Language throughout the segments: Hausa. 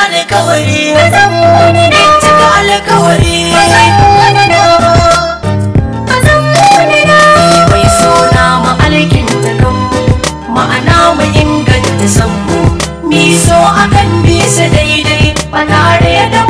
alkawari zan cika alkawari mai suna ma'alkin takan ma'ana mu inganta sanmu miso akan bisa daidai ba tare da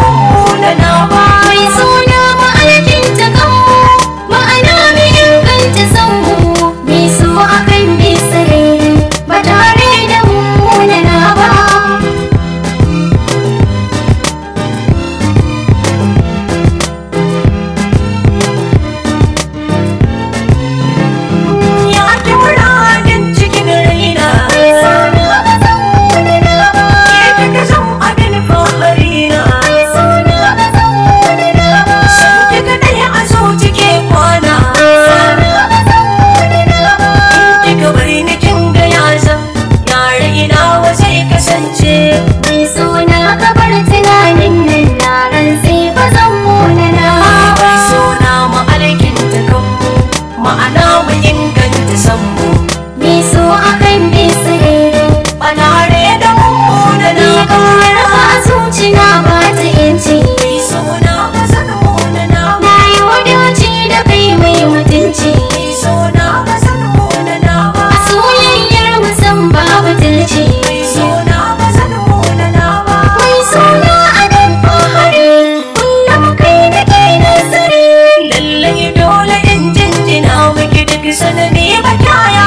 sanadi ba kyaya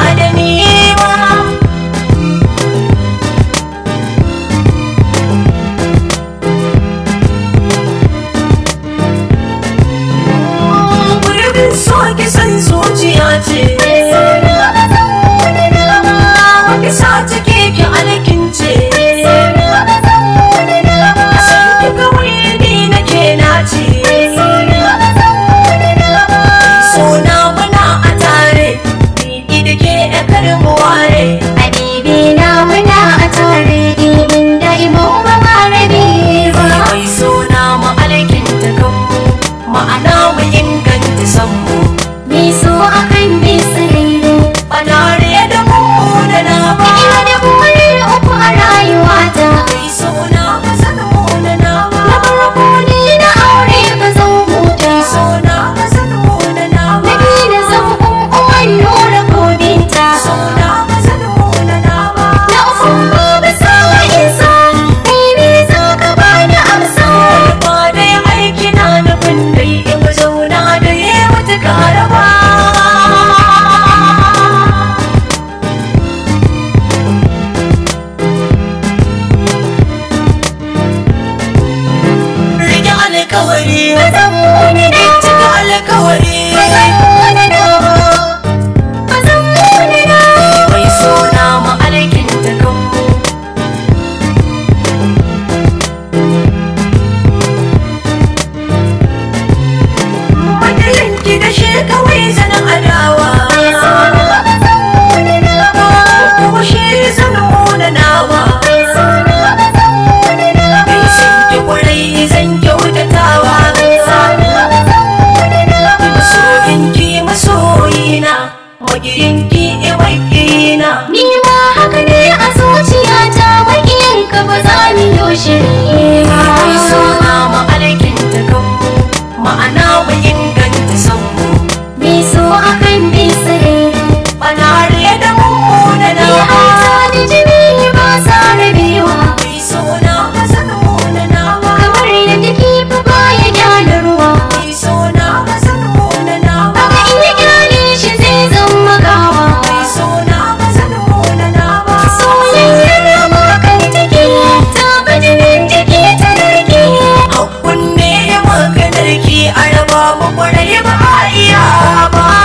of it. it away. a raba mu kwarai ba iya ba